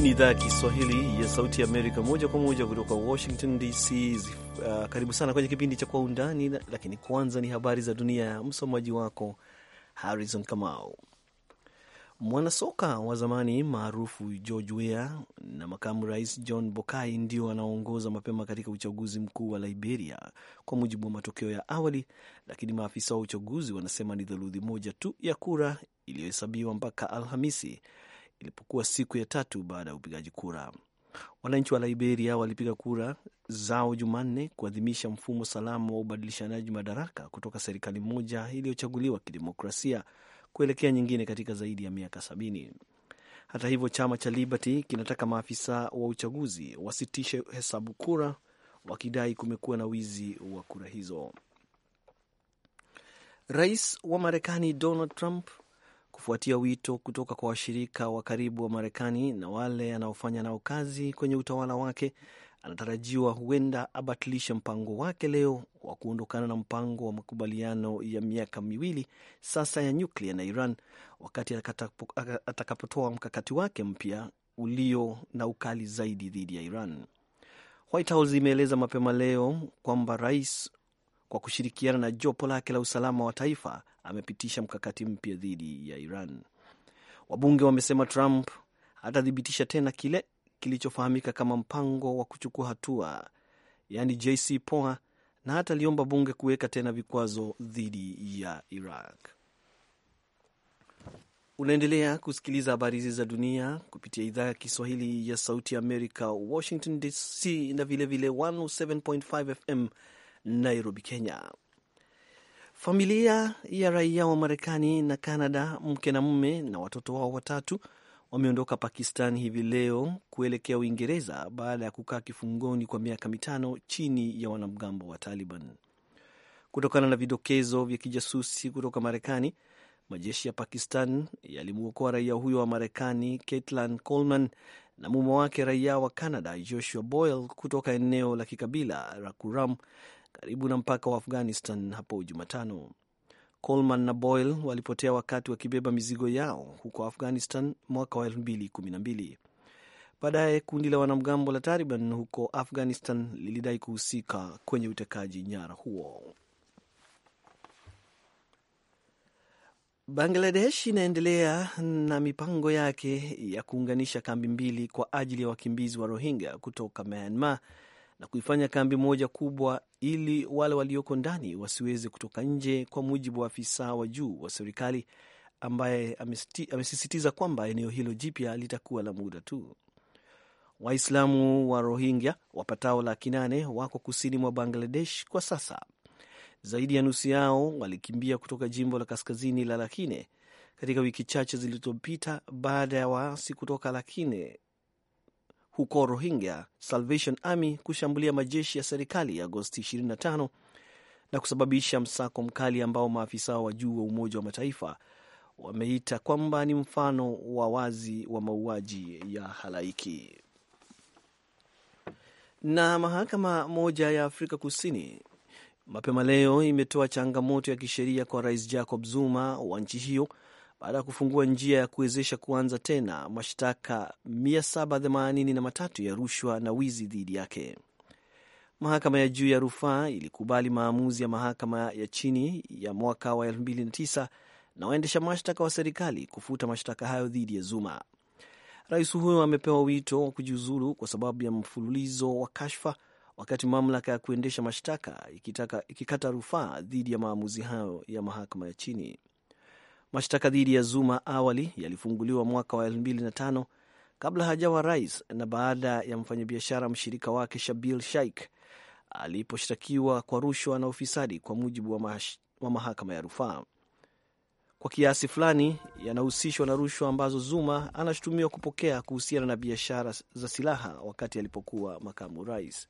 Hii ni idhaa ya Kiswahili ya Sauti ya Amerika, moja kwa moja kutoka Washington DC. Uh, karibu sana kwenye kipindi cha Kwa Undani, lakini kwanza ni habari za dunia ya msomaji wako Harrison Kamau. Mwanasoka wa zamani maarufu George Weah na makamu rais John Bokai ndio wanaoongoza mapema katika uchaguzi mkuu wa Liberia kwa mujibu wa matokeo ya awali, lakini maafisa wa uchaguzi wanasema ni theluthi moja tu ya kura iliyohesabiwa mpaka Alhamisi ilipokuwa siku ya tatu baada ya upigaji kura. Wananchi wa Liberia walipiga kura zao Jumanne kuadhimisha mfumo salama wa ubadilishanaji madaraka kutoka serikali moja iliyochaguliwa kidemokrasia kuelekea nyingine katika zaidi ya miaka sabini. Hata hivyo, chama cha Liberty kinataka maafisa wa uchaguzi wasitishe hesabu kura, wakidai kumekuwa na wizi wa kura hizo. Rais wa Marekani Donald Trump kufuatia wito kutoka kwa washirika wa karibu wa Marekani na wale anaofanya nao kazi kwenye utawala wake. Anatarajiwa huenda abatilishe mpango wake leo wa kuondokana na mpango wa makubaliano ya miaka miwili sasa ya nyuklia na Iran wakati atakapotoa mkakati wake mpya ulio na ukali zaidi dhidi ya Iran. White House imeeleza mapema leo kwamba rais kwa kushirikiana na jopo lake la usalama wa taifa amepitisha mkakati mpya dhidi ya Iran. Wabunge wamesema Trump hatathibitisha tena kile kilichofahamika kama mpango wa kuchukua hatua, yaani JCPOA, na hata aliomba bunge kuweka tena vikwazo dhidi ya Iraq. Unaendelea kusikiliza habari hizi za dunia kupitia idhaa ya Kiswahili ya Sauti ya Amerika, Washington DC, na vilevile 107.5 FM Nairobi, Kenya. Familia ya raia wa Marekani na Kanada, mke na mume na watoto wao watatu wameondoka Pakistan hivi leo kuelekea Uingereza baada ya kukaa kifungoni kwa miaka mitano chini ya wanamgambo wa Taliban. Kutokana na vidokezo vya kijasusi kutoka Marekani, majeshi ya Pakistan yalimwokoa raia huyo wa Marekani Caitlin Coleman na mume wake raia wa Canada Joshua Boyle kutoka eneo la kikabila la Kuram karibu na mpaka wa Afghanistan hapo Jumatano. Coleman na Boyle walipotea wakati wakibeba mizigo yao huko Afghanistan mwaka wa 2012. Baadaye kundi la wanamgambo la Taliban huko Afghanistan lilidai kuhusika kwenye utekaji nyara huo. Bangladesh inaendelea na mipango yake ya kuunganisha kambi mbili kwa ajili ya wakimbizi wa Rohingya kutoka Myanmar na kuifanya kambi moja kubwa ili wale walioko ndani wasiweze kutoka nje, kwa mujibu wa afisa wa juu wa serikali ambaye amesisitiza kwamba eneo hilo jipya litakuwa la muda tu. Waislamu wa Rohingya wapatao laki nane wako kusini mwa Bangladesh kwa sasa. Zaidi ya nusu yao walikimbia kutoka jimbo la kaskazini la Rakhine katika wiki chache zilizopita baada ya waasi kutoka Rakhine huko Rohingya Salvation Army kushambulia majeshi ya serikali Agosti 25 na kusababisha msako mkali ambao maafisa wa juu wa Umoja wa Mataifa wameita kwamba ni mfano wa wazi wa mauaji ya halaiki. Na mahakama moja ya Afrika Kusini mapema leo imetoa changamoto ya kisheria kwa Rais Jacob Zuma wa nchi hiyo baada ya kufungua njia ya kuwezesha kuanza tena mashtaka 783 ya rushwa na wizi dhidi yake. Mahakama ya juu ya rufaa ilikubali maamuzi ya mahakama ya chini ya mwaka wa 2009 na waendesha mashtaka wa serikali kufuta mashtaka hayo dhidi ya Zuma. Rais huyo amepewa wito wa kujiuzulu kwa sababu ya mfululizo wa kashfa, wakati mamlaka ya kuendesha mashtaka ikikata rufaa dhidi ya maamuzi hayo ya mahakama ya chini. Mashtaka dhidi ya Zuma awali yalifunguliwa mwaka wa 2005 kabla hajawa rais na baada ya mfanyabiashara mshirika wake Shabil Shaik aliposhtakiwa kwa rushwa na ufisadi, kwa mujibu wa, wa mahakama ya rufaa. Kwa kiasi fulani yanahusishwa na rushwa ambazo Zuma anashutumiwa kupokea kuhusiana na biashara za silaha wakati alipokuwa makamu rais.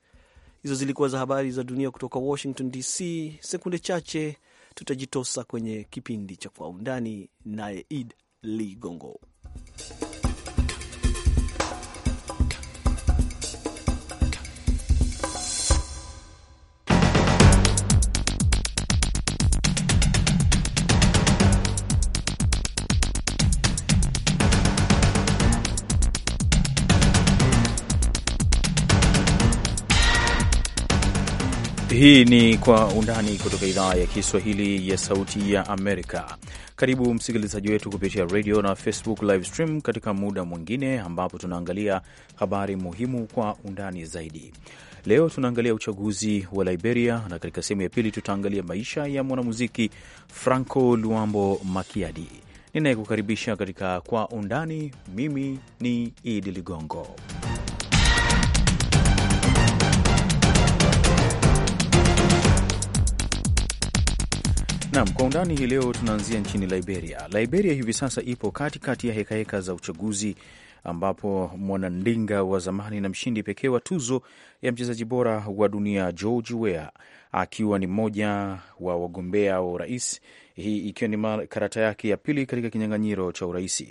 Hizo zilikuwa za habari za dunia kutoka Washington DC. Sekunde chache tutajitosa kwenye kipindi cha Kwa Undani, naye Id Ligongo. Hii ni Kwa Undani kutoka idhaa ya Kiswahili ya Sauti ya Amerika. Karibu msikilizaji wetu kupitia radio na Facebook live stream katika muda mwingine ambapo tunaangalia habari muhimu kwa undani zaidi. Leo tunaangalia uchaguzi wa Liberia, na katika sehemu ya pili tutaangalia maisha ya mwanamuziki Franco Luambo Makiadi. Ninayekukaribisha katika Kwa Undani, mimi ni Idi Ligongo. Nam kwa undani hii leo tunaanzia nchini Liberia. Liberia hivi sasa ipo katikati kati ya hekaheka heka za uchaguzi ambapo mwanandinga wa zamani na mshindi pekee wa tuzo ya mchezaji bora wa dunia George Weah akiwa ni mmoja wa wagombea wa urais, hii ikiwa ni karata yake ya pili katika kinyang'anyiro cha urais.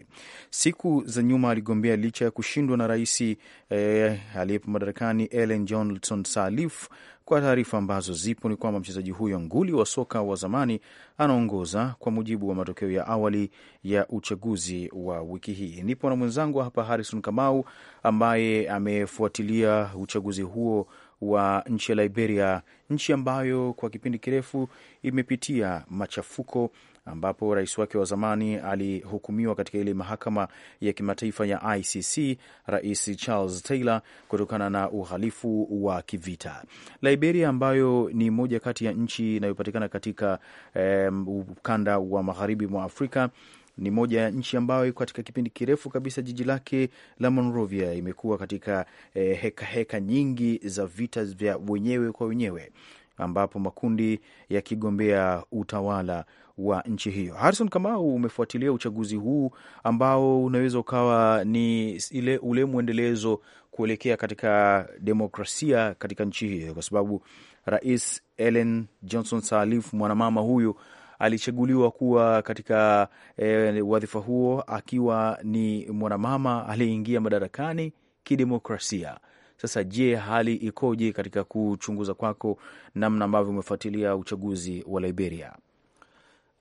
Siku za nyuma aligombea licha ya kushindwa na rais eh, aliyepo madarakani Ellen Johnson Sirleaf. Kwa taarifa ambazo zipo ni kwamba mchezaji huyo nguli wa soka wa zamani anaongoza kwa mujibu wa matokeo ya awali ya uchaguzi wa wiki hii. Nipo na mwenzangu hapa Harrison Kamau ambaye amefuatilia uchaguzi huo wa nchi ya Liberia, nchi ambayo kwa kipindi kirefu imepitia machafuko ambapo rais wake wa zamani alihukumiwa katika ile mahakama ya kimataifa ya ICC, Rais Charles Taylor, kutokana na uhalifu wa kivita. Liberia ambayo ni moja kati ya nchi inayopatikana katika eh, ukanda wa magharibi mwa Afrika ni moja ya nchi ambayo iko katika kipindi kirefu kabisa jiji lake la Monrovia imekuwa katika eh, heka heka nyingi za vita vya wenyewe kwa wenyewe ambapo makundi yakigombea utawala wa nchi hiyo. Harrison Kamau, umefuatilia uchaguzi huu ambao unaweza ukawa ni ile ule mwendelezo kuelekea katika demokrasia katika nchi hiyo, kwa sababu Rais Ellen Johnson Sirleaf mwanamama huyu alichaguliwa kuwa katika e, wadhifa huo akiwa ni mwanamama aliyeingia madarakani kidemokrasia. Sasa je, hali ikoje katika kuchunguza kwako, namna ambavyo umefuatilia uchaguzi wa Liberia?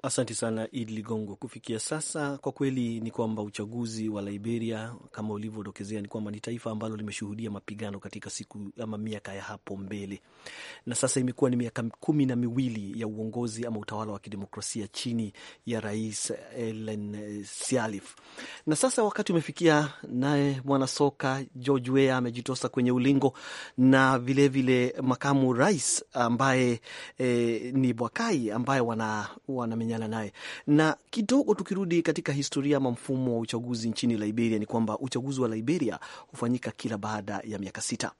Asante sana Idi Ligongo. Kufikia sasa kwa kweli ni kwamba uchaguzi wa Liberia kama ulivyodokezea, ni kwamba ni taifa ambalo limeshuhudia mapigano katika siku ama miaka ya hapo mbele, na sasa imekuwa ni miaka kumi na miwili ya uongozi ama utawala wa kidemokrasia chini ya Rais Ellen Sirleaf, na sasa wakati umefikia, naye mwanasoka George Weah amejitosa kwenye ulingo na vilevile vile makamu rais ambaye eh, ni Bwakai ambaye wana, wana kumenyana naye. Na kidogo tukirudi katika historia ama mfumo wa uchaguzi nchini Liberia, ni kwamba uchaguzi wa Liberia hufanyika kila baada ya miaka sita,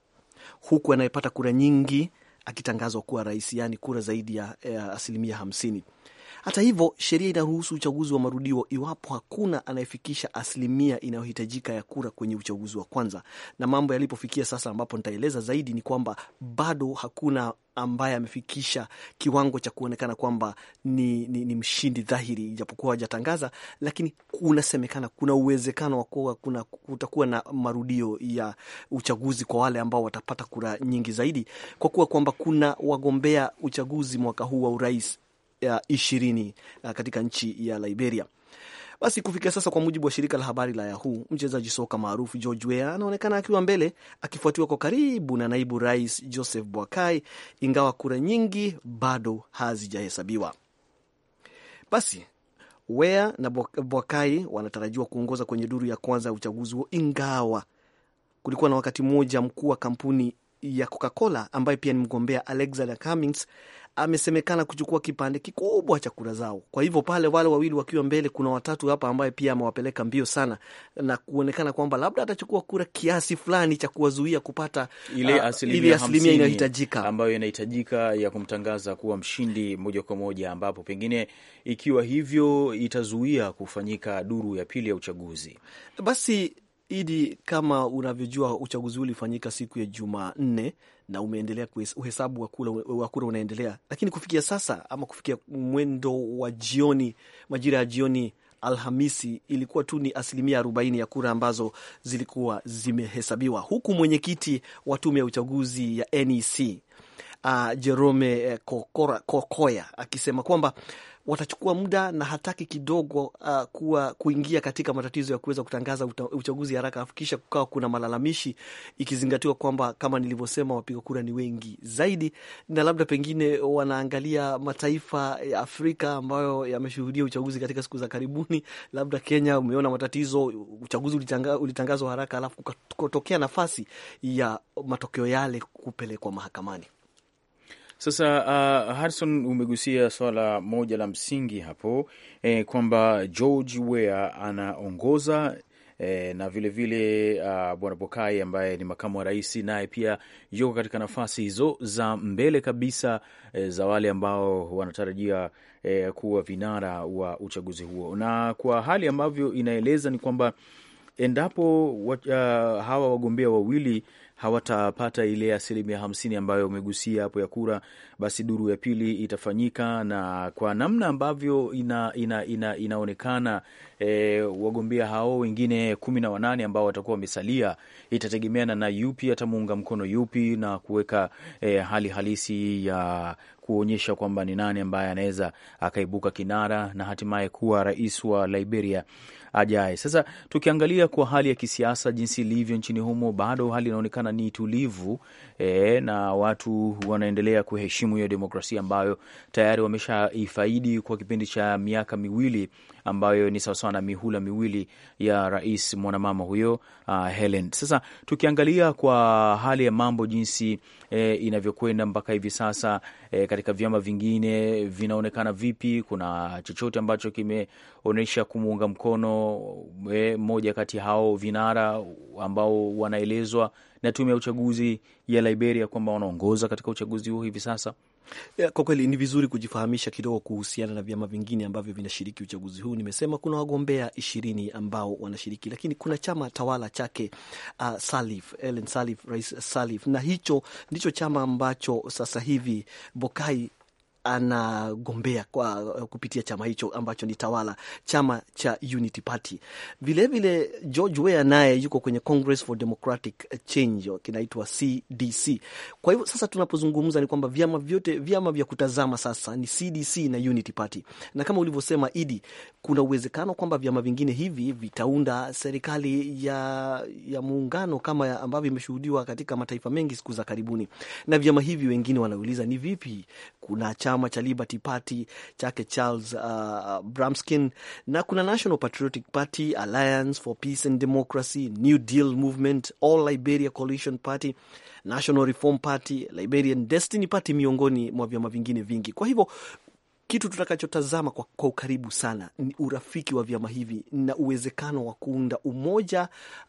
huku anayepata kura nyingi akitangazwa kuwa rais, yaani kura zaidi ya eh, asilimia hamsini. Hata hivyo, sheria inaruhusu uchaguzi wa marudio iwapo hakuna anayefikisha asilimia inayohitajika ya kura kwenye uchaguzi wa kwanza. Na mambo yalipofikia sasa, ambapo nitaeleza zaidi, ni kwamba bado hakuna ambaye amefikisha kiwango cha kuonekana kwamba ni, ni, ni mshindi dhahiri, ijapokuwa hajatangaza, lakini kunasemekana kuna uwezekano wa kuwa kuna kutakuwa na marudio ya uchaguzi kwa wale ambao watapata kura nyingi zaidi, kwa kuwa kwamba kuna wagombea uchaguzi mwaka huu wa urais ishirini uh, katika nchi ya Liberia. Basi kufikia sasa, kwa mujibu wa shirika la habari la Yahoo, mchezaji soka maarufu George Weah anaonekana akiwa mbele, akifuatiwa kwa karibu na naibu rais Joseph Boakai, ingawa kura nyingi bado hazijahesabiwa. Basi Weah na Boakai wanatarajiwa kuongoza kwenye duru ya kwanza ya uchaguzi huo, ingawa kulikuwa na wakati mmoja mkuu wa kampuni ya Coca-Cola ambaye pia ni mgombea Alexander Cummings amesemekana kuchukua kipande kikubwa cha kura zao. Kwa hivyo pale wale wawili wakiwa mbele, kuna watatu hapa ambaye pia amewapeleka mbio sana na kuonekana kwamba labda atachukua kura kiasi fulani cha kuwazuia kupata uh, ile asilimia asilimia inayohitajika ambayo inahitajika ya kumtangaza kuwa mshindi moja kwa moja, ambapo pengine ikiwa hivyo itazuia kufanyika duru ya pili ya uchaguzi basi. Idi, kama unavyojua uchaguzi huu ulifanyika siku ya Jumanne na umeendelea uhesabu wa kura unaendelea, lakini kufikia sasa ama kufikia mwendo wa jioni, majira ya jioni Alhamisi ilikuwa tu ni asilimia arobaini ya kura ambazo zilikuwa zimehesabiwa, huku mwenyekiti wa tume ya uchaguzi ya NEC uh, Jerome eh, Kokora, Kokoya akisema kwamba watachukua muda na hataki kidogo uh, kuwa kuingia katika matatizo ya kuweza kutangaza uchaguzi haraka, kisha kukawa kuna malalamishi, ikizingatiwa kwamba kama nilivyosema, wapiga kura ni wengi zaidi, na labda pengine wanaangalia mataifa ya Afrika ambayo yameshuhudia uchaguzi katika siku za karibuni. Labda Kenya umeona matatizo, uchaguzi ulitanga, ulitangazwa haraka, alafu kutokea nafasi ya matokeo yale kupelekwa mahakamani. Sasa uh, Harrison umegusia swala moja la msingi hapo eh, kwamba George Weah anaongoza eh, na vilevile uh, bwana Bokai ambaye ni makamu wa rais naye pia yuko katika nafasi hizo za mbele kabisa eh, za wale ambao wanatarajia eh, kuwa vinara wa uchaguzi huo, na kwa hali ambavyo inaeleza ni kwamba endapo uh, hawa wagombea wawili hawatapata ile asilimia hamsini ambayo umegusia hapo ya kura basi duru ya pili itafanyika, na kwa namna ambavyo ina, ina, ina, inaonekana e, wagombea hao wengine kumi na wanane ambao watakuwa wamesalia, itategemeana na yupi atamuunga mkono yupi na kuweka e, hali halisi ya kuonyesha kwamba ni nani ambaye anaweza akaibuka kinara na hatimaye kuwa rais wa Liberia ajaye. Sasa tukiangalia kwa hali ya kisiasa jinsi ilivyo nchini humo, bado hali inaonekana ni tulivu e, na watu wanaendelea kuheshimu muhimu ya demokrasia ambayo tayari wameshaifaidi kwa kipindi cha miaka miwili ambayo ni sawasawa na mihula miwili ya rais mwanamama huyo uh, Helen. Sasa tukiangalia kwa hali ya mambo jinsi eh, inavyokwenda mpaka hivi sasa eh, katika vyama vingine vinaonekana vipi? Kuna chochote ambacho kimeonyesha kumuunga mkono eh, moja kati ya hao vinara ambao wanaelezwa na tume ya uchaguzi ya Liberia kwamba wanaongoza katika uchaguzi huo hivi sasa? Kwa kweli ni vizuri kujifahamisha kidogo kuhusiana na vyama vingine ambavyo vinashiriki uchaguzi huu. Nimesema kuna wagombea ishirini ambao wanashiriki, lakini kuna chama tawala chake uh, Salif, Ellen Salif, Rais Salif, na hicho ndicho chama ambacho sasa hivi Bokai anagombea kwa eh, kupitia chama hicho ambacho ni tawala, chama cha Unity Party. Vilevile George Weah naye yuko kwenye Congress for Democratic Change, kinaitwa CDC. Kwa hivyo sasa tunapozungumza ni kwamba vyama vyote, vyama vya kutazama sasa ni CDC na Unity Party, na kama ulivyosema Idi, kuna uwezekano kwamba vyama vingine hivi vitaunda serikali ya, ya muungano kama ambavyo imeshuhudiwa katika mataifa mengi siku za karibuni, na vyama hivi wengine wanauliza ni vipi, kuna chama chama cha Liberty Party chake Charles uh, uh, Bramskin, na kuna National Patriotic Party, Alliance for Peace and Democracy, New Deal Movement, All Liberia Coalition Party, National Reform Party, Liberian Destiny Party, miongoni mwa vyama vingine vingi. Kwa hivyo kitu tutakachotazama kwa, kwa ukaribu sana ni urafiki wa vyama hivi na uwezekano wa kuunda umoja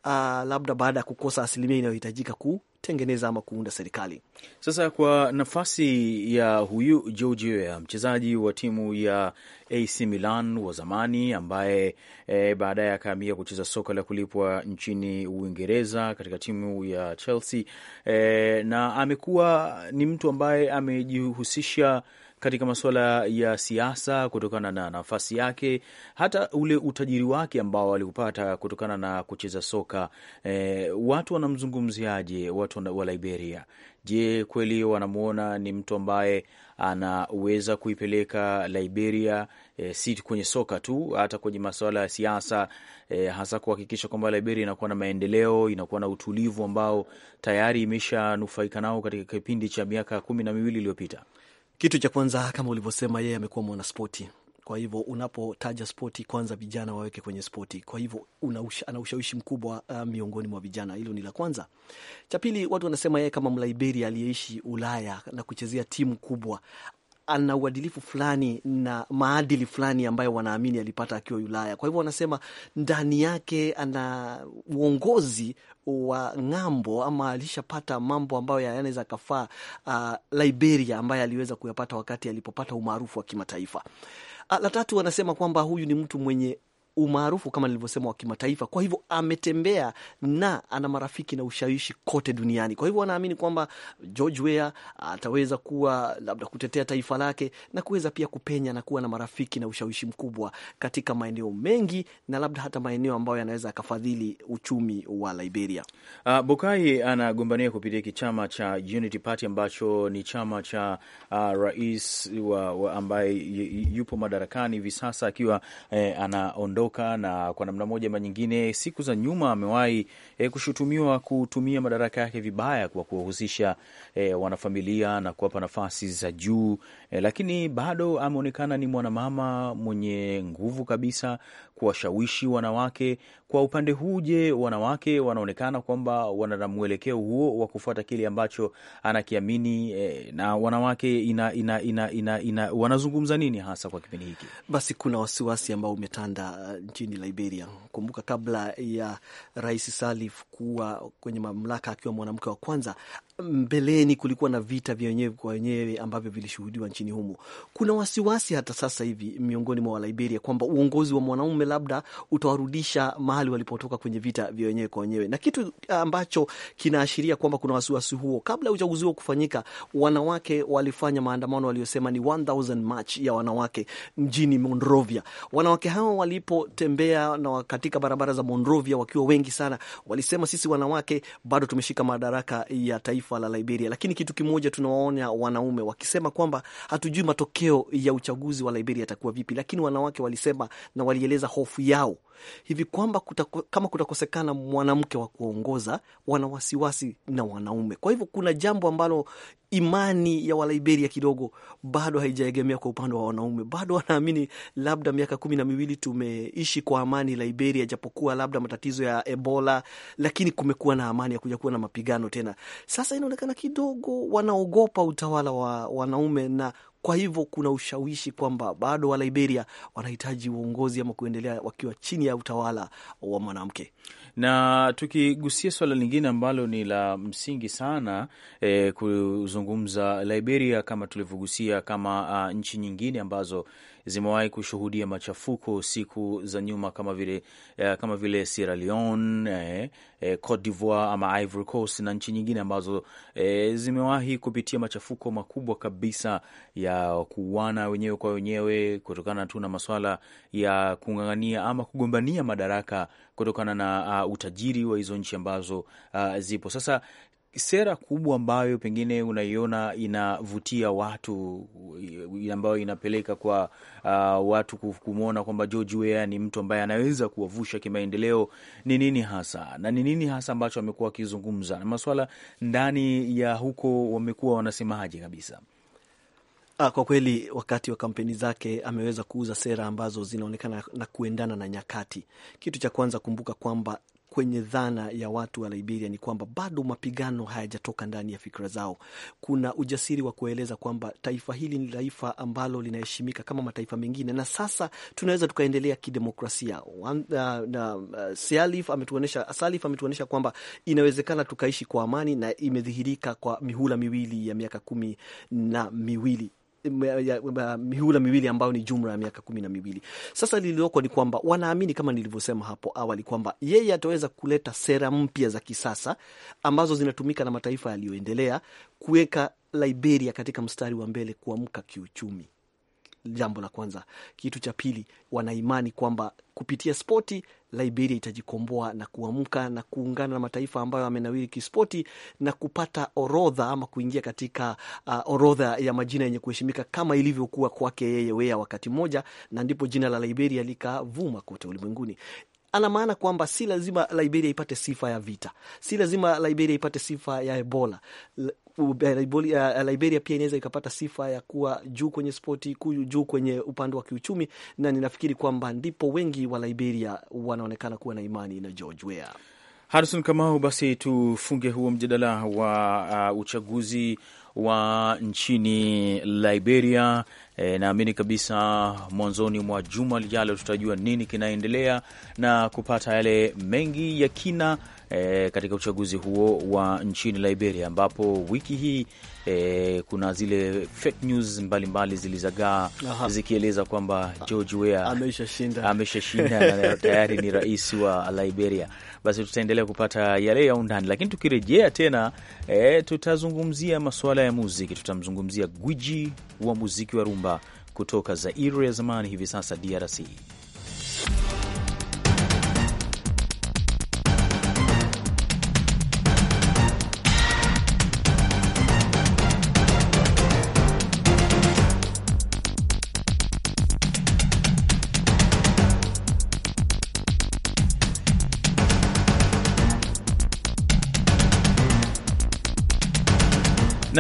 uh, labda baada ya kukosa asilimia inayohitajika ku kutengeneza ama kuunda serikali. Sasa kwa nafasi ya huyu George Weah, mchezaji wa timu ya AC Milan wa zamani ambaye e, baadaye akaamia kucheza soka la kulipwa nchini Uingereza katika timu ya Chelsea e, na amekuwa ni mtu ambaye amejihusisha katika masuala ya siasa kutokana na nafasi yake, hata ule utajiri wake ambao aliupata kutokana na kucheza soka. E, watu wanamzungumziaje watu wa Liberia? Je, kweli wanamwona ni mtu ambaye anaweza kuipeleka Liberia e, si kwenye soka tu, hata kwenye masuala ya siasa e, hasa kuhakikisha kwamba Liberia inakuwa na maendeleo, inakuwa na utulivu ambao tayari imeshanufaika nao katika kipindi cha miaka kumi na miwili iliyopita? Kitu cha kwanza kama ulivyosema, yeye amekuwa mwanaspoti kwa hivyo unapotaja spoti kwanza vijana waweke kwenye spoti. Kwa hivyo ana ushawishi mkubwa uh, miongoni mwa vijana. Hilo ni la kwanza. Cha pili, watu wanasema yeye kama Mliberia aliyeishi Ulaya na kuchezea timu kubwa ana uadilifu fulani na maadili fulani ambayo wanaamini alipata akiwa Ulaya. Kwa hivyo wanasema ndani yake ana uongozi wa ng'ambo ama alishapata mambo ambayo yanaweza kafaa uh, Liberia ambaye aliweza kuyapata wakati alipopata umaarufu wa kimataifa. Uh, la tatu wanasema kwamba huyu ni mtu mwenye umaarufu kama nilivyosema wa kimataifa. Kwa hivyo ametembea na ana marafiki na ushawishi kote duniani. Kwa hivyo anaamini kwamba George Weah ataweza kuwa labda kutetea taifa lake na kuweza pia kupenya na kuwa na marafiki na ushawishi mkubwa katika maeneo mengi na labda hata maeneo ambayo yanaweza akafadhili uchumi wa Liberia. Uh, ah, Bukai anagombania kupitia kichama cha Unity Party ambacho ni chama cha uh, rais wa, wa ambaye yupo madarakani hivi sasa akiwa eh, anaondoka kuondoka, na kwa namna moja ama nyingine, siku za nyuma amewahi e, kushutumiwa kutumia madaraka yake vibaya kwa kuwahusisha e, wanafamilia na kuwapa nafasi za juu e, lakini bado ameonekana ni mwanamama mwenye nguvu kabisa kuwashawishi wanawake. Kwa upande huu, je, wanawake wanaonekana kwamba wana mwelekeo huo wa kufuata kile ambacho anakiamini e, na wanawake ina, ina, ina, ina, ina, wanazungumza nini hasa kwa kipindi hiki? Basi kuna wasiwasi ambao umetanda nchini Liberia. Kumbuka kabla ya Rais Salif kuwa kwenye mamlaka akiwa mwanamke wa kwanza mbeleni kulikuwa na vita vya wenyewe kwa wenyewe ambavyo vilishuhudiwa nchini humo. Kuna wasiwasi hata sasa hivi miongoni mwa Waliberia kwamba uongozi wa mwanaume labda utawarudisha mahali walipotoka kwenye vita vya wenyewe kwa wenyewe, na kitu ah, ambacho kinaashiria kwamba kuna wasiwasi huo. Kabla ya uchaguzi huo kufanyika, wanawake walifanya maandamano waliosema ni 1000 march ya wanawake mjini Monrovia. Wanawake hawa walipotembea na katika barabara za Monrovia wakiwa wengi sana, walisema sisi wanawake bado tumeshika madaraka ya taifa taifa la Liberia. Lakini kitu kimoja tunawaona wanaume wakisema kwamba hatujui matokeo ya uchaguzi wa Liberia yatakuwa vipi, lakini wanawake walisema na walieleza hofu yao hivi kwamba kutako, kama kutakosekana mwanamke wa kuongoza, wana wasiwasi na wanaume. Kwa hivyo kuna jambo ambalo imani ya Waliberia kidogo bado haijaegemea kwa upande wa wanaume, bado wanaamini labda miaka kumi na miwili tumeishi kwa amani Liberia, japokuwa labda matatizo ya Ebola, lakini kumekuwa na amani, hakuja kuwa na mapigano tena. Sasa inaonekana kidogo wanaogopa utawala wa wanaume na kwa hivyo kuna ushawishi kwamba bado wa Liberia wanahitaji uongozi ama kuendelea wakiwa chini ya utawala wa mwanamke. Na tukigusia swala lingine ambalo ni la msingi sana e, kuzungumza Liberia kama tulivyogusia, kama a, nchi nyingine ambazo zimewahi kushuhudia machafuko siku za nyuma kama vile, eh, kama vile Sierra Leone, eh, eh, Cote d'Ivoire ama Ivory Coast na nchi nyingine ambazo eh, zimewahi kupitia machafuko makubwa kabisa ya kuuana wenyewe kwa wenyewe kutokana tu na maswala ya kung'ang'ania ama kugombania madaraka kutokana na uh, utajiri wa hizo nchi ambazo uh, zipo sasa sera kubwa ambayo pengine unaiona inavutia watu ambayo inapeleka kwa uh, watu kumwona kwamba George Weah ni mtu ambaye anaweza kuwavusha kimaendeleo ni nini hasa, na ni nini hasa ambacho amekuwa wakizungumza na maswala ndani ya huko wamekuwa wanasemaje kabisa? Ah, kwa kweli wakati wa kampeni zake ameweza kuuza sera ambazo zinaonekana na kuendana na nyakati. Kitu cha kwanza, kumbuka kwamba kwenye dhana ya watu wa Liberia ni kwamba bado mapigano hayajatoka ndani ya fikra zao. Kuna ujasiri wa kueleza kwamba taifa hili ni taifa ambalo linaheshimika kama mataifa mengine, na sasa tunaweza tukaendelea kidemokrasia. Uh, uh, Salif ametuonyesha kwamba inawezekana tukaishi kwa amani, na imedhihirika kwa mihula miwili ya miaka kumi na miwili mihula miwili ambayo ni jumla ya miaka kumi na miwili. Sasa lilioko ni kwamba wanaamini kama nilivyosema hapo awali kwamba yeye ataweza kuleta sera mpya za kisasa ambazo zinatumika na mataifa yaliyoendelea kuweka Liberia katika mstari wa mbele kuamka kiuchumi jambo la kwanza. Kitu cha pili, wanaimani kwamba kupitia spoti Liberia itajikomboa na kuamka na kuungana na mataifa ambayo amenawiri kispoti na kupata orodha ama kuingia katika uh, orodha ya majina yenye kuheshimika kama ilivyokuwa kwake yeye Weah wakati mmoja, na ndipo jina la Liberia likavuma kote ulimwenguni. Ana maana kwamba si lazima Liberia ipate sifa ya vita, si lazima Liberia ipate sifa ya Ebola. Eh, Liberia, pia inaweza ikapata sifa ya kuwa juu kwenye spoti, juu kwenye upande wa kiuchumi, na ninafikiri kwamba ndipo wengi wa Liberia wanaonekana kuwa na imani na George Weah. Harison Kamau, basi tufunge huo mjadala wa uh, uchaguzi wa nchini Liberia E, naamini kabisa mwanzoni mwa juma lijalo tutajua nini kinaendelea na kupata yale mengi ya kina e, katika uchaguzi huo wa nchini Liberia ambapo wiki hii e, kuna zile fake news mbalimbali zilizagaa zikieleza kwamba George Weah ameshashinda, ameshashinda na tayari ni rais wa Liberia. Basi tutaendelea kupata yale ya undani, lakini tukirejea tena e, tutazungumzia masuala ya muziki. Tutamzungumzia gwiji wa muziki wa rumba kutoka Zaire ya zamani hivi sasa DRC.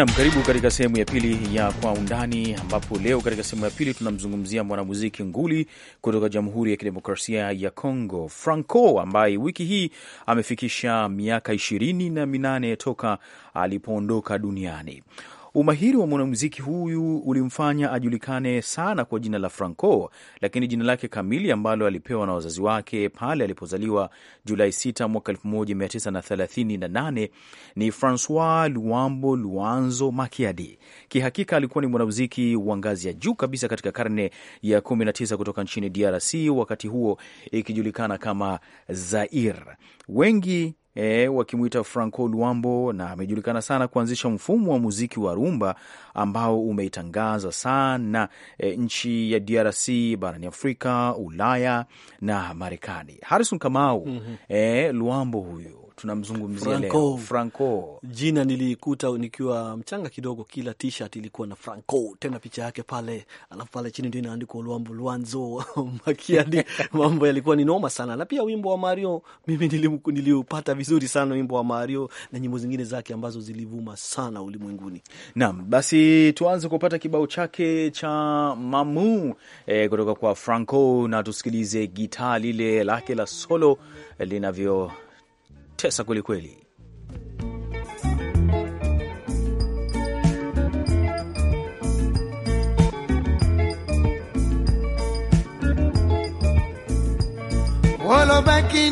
Nam, karibu katika sehemu ya pili ya Kwa Undani, ambapo leo katika sehemu ya pili tunamzungumzia mwanamuziki nguli kutoka Jamhuri ya Kidemokrasia ya congo Franco, ambaye wiki hii amefikisha miaka ishirini na minane toka alipoondoka duniani. Umahiri wa mwanamuziki huyu ulimfanya ajulikane sana kwa jina la Franco, lakini jina lake kamili ambalo alipewa na wazazi wake pale alipozaliwa Julai 6 mwaka 1938 ni Francois Luambo Luanzo Makiadi. Kihakika alikuwa ni mwanamuziki wa ngazi ya juu kabisa katika karne ya 19 kutoka nchini DRC, wakati huo ikijulikana kama Zaire. Wengi e, eh, wakimwita Franco Luambo, na amejulikana sana kuanzisha mfumo wa muziki wa rumba ambao umeitangaza sana e, nchi ya DRC barani Afrika, Ulaya na Marekani. Harrison Kamau, mm -hmm. e, Luambo huyu tunamzungumzia leo Franco. Jina nilikuta nikiwa mchanga kidogo, kila t-shirt ilikuwa na Franco, tena picha yake pale, alafu pale chini ndio inaandikwa Luambo Luanzo Makiadi. Mambo yalikuwa ni noma sana, na pia wimbo wa Mario mimi niliupata vizuri sana, wimbo wa Mario na nyimbo zingine zake ambazo zilivuma sana ulimwenguni. Naam, basi tuanze kupata kibao chake cha Mamu e, kutoka kwa Franco na tusikilize gitaa lile lake la solo eh, linavyotesa kwelikweli. Wolobaki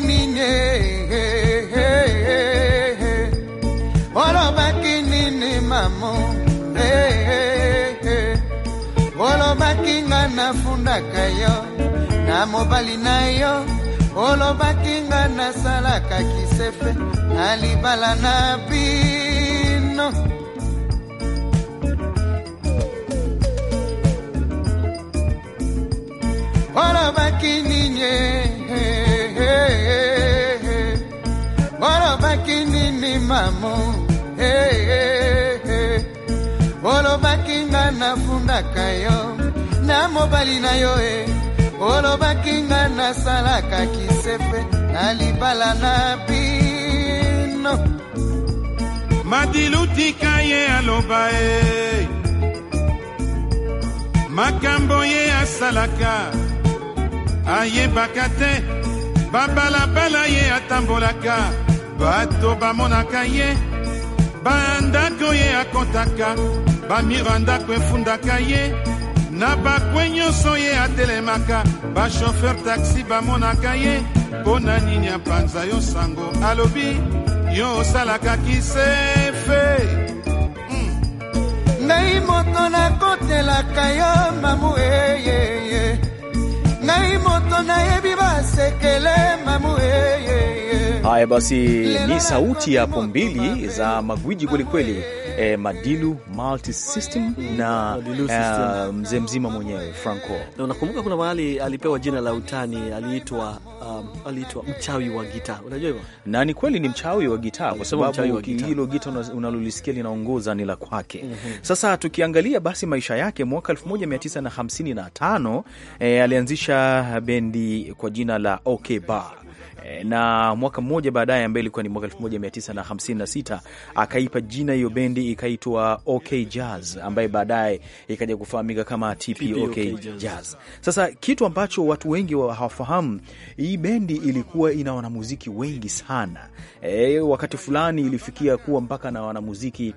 nafundaka yo na mobali na yo olobaki nga nasalaka kisefe na libala na bino olobaki nini olobaki nini mamo olobaki nga nafundaka yo na mobali na yo e olobaki nga nasalaka kisepe na libala na bino madilutika ye aloba e makambo ye asalaka ayebaka te babalabala ye atambolaka bato bamonaka ye bandako ye akɔtaka bamiro andako efundaka ye na bakwe nyonso ye atelemaka bashofer taxi bamonaka ye mpo na nini apanza yo sango alobi yo osalaka kisefe hmm. ngai moto nakotelaka yo mamu eyeye ngai moto nayebi basekele mamu eyeye haya basi ni sauti hapo mbili za magwiji kwelikweli eh, Madilu Multisystem na uh, mzee mzima mwenyewe Franco. Na unakumbuka kuna mahali alipewa jina la utani, aliitwa um, aliitwa mchawi wa gita, unajua hivyo? Na ni kweli ni mchawi wa gita kwa sababu hilo gita unalolisikia linaongoza ni la kwake. mm -hmm. Sasa tukiangalia basi maisha yake, mwaka 1955 eh, alianzisha bendi kwa jina la OK Bar Eh, na mwaka mmoja baadaye ambaye ilikuwa ni mwaka 1956 akaipa jina hiyo bendi ikaitwa OK Jazz, ambaye baadaye ikaja kufahamika kama TP OK Jazz. Sasa kitu ambacho watu wengi wa hawafahamu, hii bendi ilikuwa ina wanamuziki wengi sana e, wakati fulani ilifikia kuwa mpaka na wanamuziki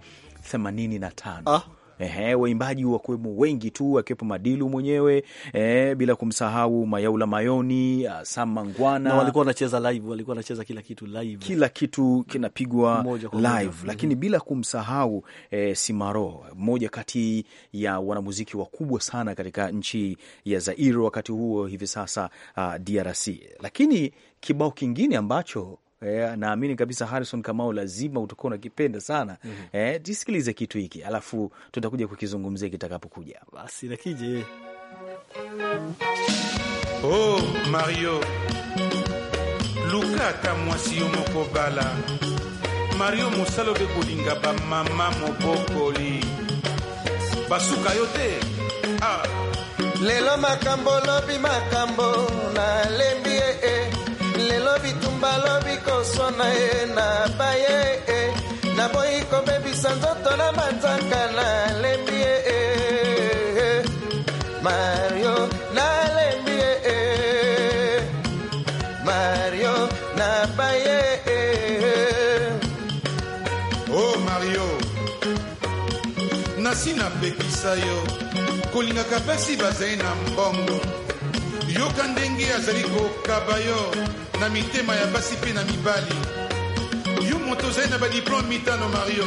85 ah. Ehe, waimbaji wakiwemo wengi tu, akiwepo Madilu mwenyewe e, bila kumsahau Mayaula Mayoni, ah, Sam Mangwana na walikuwa wanacheza live, walikuwa wanacheza kila kitu live, kila kitu kinapigwa live Lakini mm-hmm. bila kumsahau e, Simaro, mmoja kati ya wanamuziki wakubwa sana katika nchi ya Zaire wakati huo, hivi sasa uh, ah, DRC. Lakini kibao kingine ambacho eh, naamini kabisa Harrison Kamau lazima utakuwa unakipenda sana mm -hmm. Eh, tisikilize kitu hiki alafu tutakuja kukizungumzia kitakapokuja. Basi nakije oh, Mario lukata mwasi yo moko bala mario mosalo de kolinga bamama mobokoli basuka yo te ah. lelo makambo lobi makambo nalembi eh. eh. lilobi tumba lobi kosona ye na baye naboyi kobebisa nzoto na manzaka nalembi ye mario nalembi ye mario na ba baye oh mario nasi pekisa yo kolingaka mpasi bazali na mbongo yoka ndenge azali kokaba yo na mitema ya basi mpe na mibali yo moto ozali na badiplome mitano mario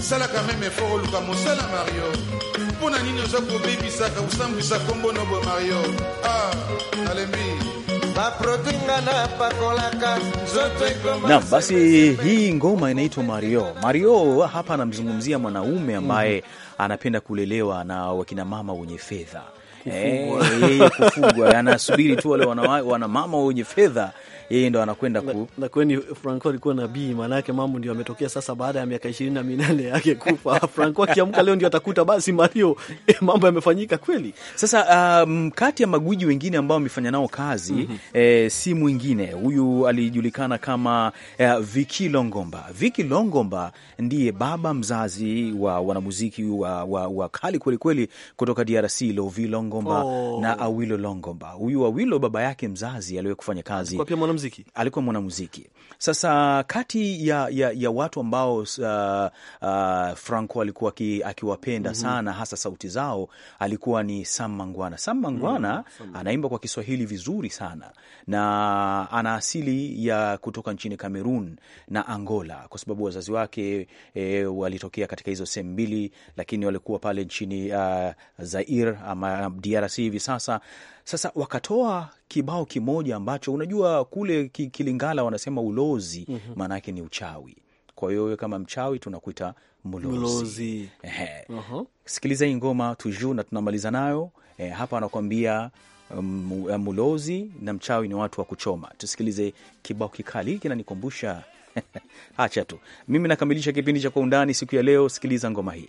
salaka meme effort oluka mosala mario mpo na nini oza kobebisaka kosambwisa kombo nobo mario ah nalembi Na basi hii ngoma inaitwa Mario. Mario hapa anamzungumzia mwanaume ambaye mm -hmm. anapenda kulelewa na wakinamama wenye fedha kufugwa, eh, yeye kufugwa, anasubiri tu wale wana wenye fedha yeye ndo anakwenda ku na kweni Franco alikuwa nabii, maana yake mambo ndio yametokea sasa baada ya miaka 28 yake kufa. Franco akiamka leo ndio atakuta basi Mario eh, mambo yamefanyika kweli. Sasa um, kati ya magwiji wengine ambao wamefanya nao kazi mm -hmm. eh, si mwingine huyu alijulikana kama eh, Viki Longomba. Viki Longomba ndiye baba mzazi wa wanamuziki wa, wa, wa kali kweli kweli kutoka DRC Lovi Longomba oh. na Awilo Longomba. Huyu Awilo baba yake mzazi aliwahi kufanya kazi kwa mwanamuziki, alikuwa mwanamuziki. Sasa kati ya, ya, ya watu ambao uh, uh, Franco alikuwa ki, akiwapenda mm -hmm. sana hasa sauti zao alikuwa ni Sam Mangwana. Sam Mangwana mm -hmm. anaimba kwa Kiswahili vizuri sana na ana asili ya kutoka nchini Kamerun na Angola, kwa sababu wazazi wake e, walitokea katika hizo sehemu mbili, lakini walikuwa pale nchini uh, Zaire ama uh, DRC hivi sasa sasa wakatoa kibao kimoja ambacho unajua kule Kilingala wanasema ulozi, mhm. maana mm -hmm. ni uchawi. Kwa hiyo wewe kama mchawi tunakuita mlozi, mlozi. Uh -huh. Sikiliza hii ngoma tuju na tunamaliza nayo eh, hapa wanakuambia um, uh, mlozi na mchawi ni watu wa kuchoma. Tusikilize kibao kikali, kinanikumbusha acha tu mimi nakamilisha kipindi cha Kwa Undani siku ya leo. Sikiliza ngoma hii.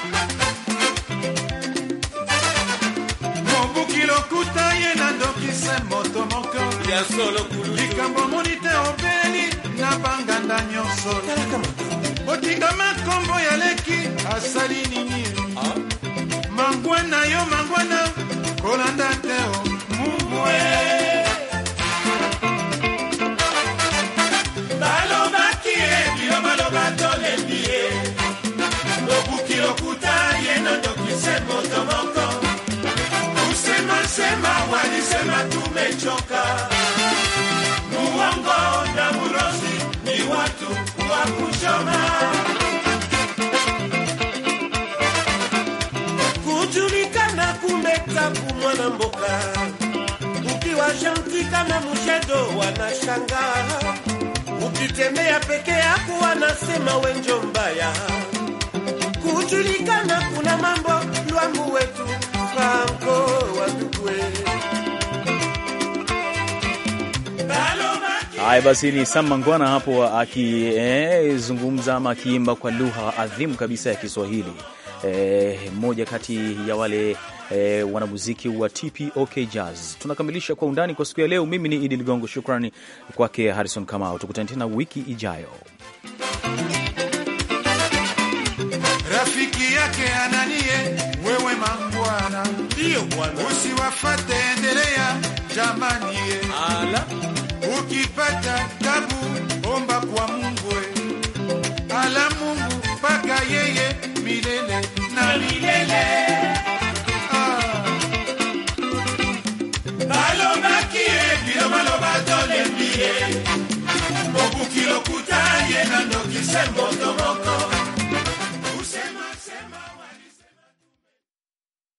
moto moko ya solo kulu likambo moni te obeli na banganda nyonso botingama nkombo ya leki asali nini ah. mangwana yo mangwana kolanda te o kuchoka. Muongo na burozi ni watu wa kushona, kujulikana kumeta kumwana mboka, ukiwa shanti kama mushedo wanashanga, ukitembea peke yako wanasema wenjo mbaya. Kujulikana kuna mambo lwangu wetu panko watukweli Haya basi, ni Sam Mangwana hapo akizungumza eh, ama akiimba kwa lugha adhimu kabisa ya Kiswahili mmoja eh, kati ya wale eh, wanamuziki wa TPOK Jazz. Tunakamilisha kwa undani kwa siku ya leo. Mimi ni Idi Ligongo, shukrani kwake Harrison Kamau. Tukutane tena wiki ijayo. Rafiki yake ananie wewe mangwana, ndio bwana, usiwafate endelea, jamani. Ala. ukipata tabu omba kwa Mungu, ala Mungu mpaka yeye milele na milele. Ah. balomakie bilomaloba tolembie obuki lokuta ye na ndokisembo tomoko